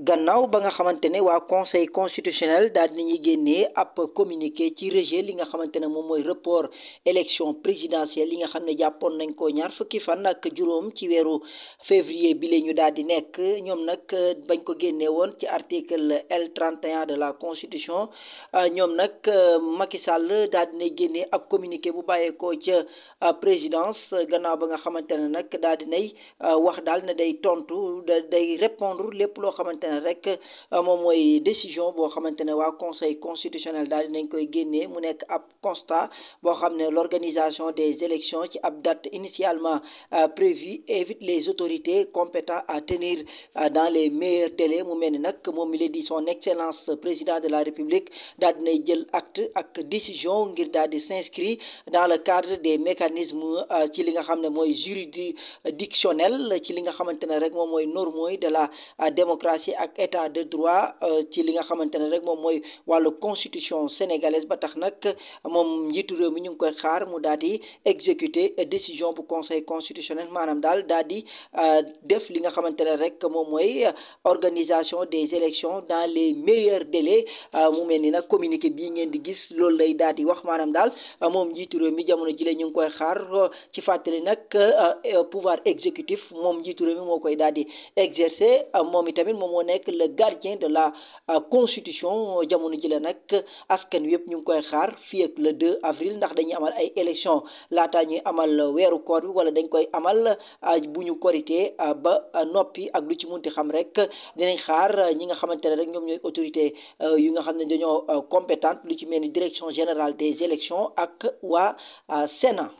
gannaaw ba nga xamante ne waa conseil constitutionnel daal dinañuy génne ab communiqué ci régier li nga xamante ne moom mooy report élection présidentielle li nga xam ne jàppoon nañ ko ñaar fukki fan nag juróom ci weeru février bi la ñu daal di nekk ñoom nag euh, bañ ko génnee woon ci article L 31 de la constitution euh, ñoom nag euh, Macky Sall daal nay génnee ab communiquer bu bàyyeekoo ca présidence gannaaw ba nga xamante ne nag daal nay wax daal ne day tontu day répondre ne rek euh, moom mooy décision boo xamante ne waa conseil constitutionnel daal dinañ koy génnee mu nekk ab constat boo xam ne l'organisation des élections ci ab date initialement euh, prévue évite les autorités compétent à tenir euh, dans les meilleurs délais mu mel ni nag moom mi la di son excellence président de la république daal dinay jël acte ak décision ngir daal di s'inscrit dans le cadre des mécanismes ci li nga xam ne mooy juridictionnel ci li nga xamante rek moom démocratie ak état de droit euh, ci li nga xamante ne rek moom mooy wàllu constitution sénégalaise ba tax nag moom njiitu réew mi ñu ngi koy xaar mu daal di exécuter décision bu conseil constitutionnel maanaam daal daal di euh, def li nga xamante ne rek moom mooy organisation des élections dans les meilleurs délais euh, mu mel ni nag communiqué bii ngeen di gis loolu lay daal di wax maanaam daal moom njiitu mi jamono ji jile ñu ngi koy xaar ci fàttali nag pouvoir exécutif moom njiitu réew moo koy daal di exercer moo nekk le gardien de la euh, constitution euh, jamono ji la nag askan wi yëpp ñu ngi koy xaar fii ak le deux avril ndax dañuy amal ay élection laataa ñuy amal weeru koor bi wala dañ koy amal euh, bu ñu koritee ba noppi ak lu ci munti xam rek danañ xaar ñi nga xamante ne rek ñoom ñooy autorité yu nga xam ne dañoo compétente lu ci mel ni direction générale des élections ak waa Sénat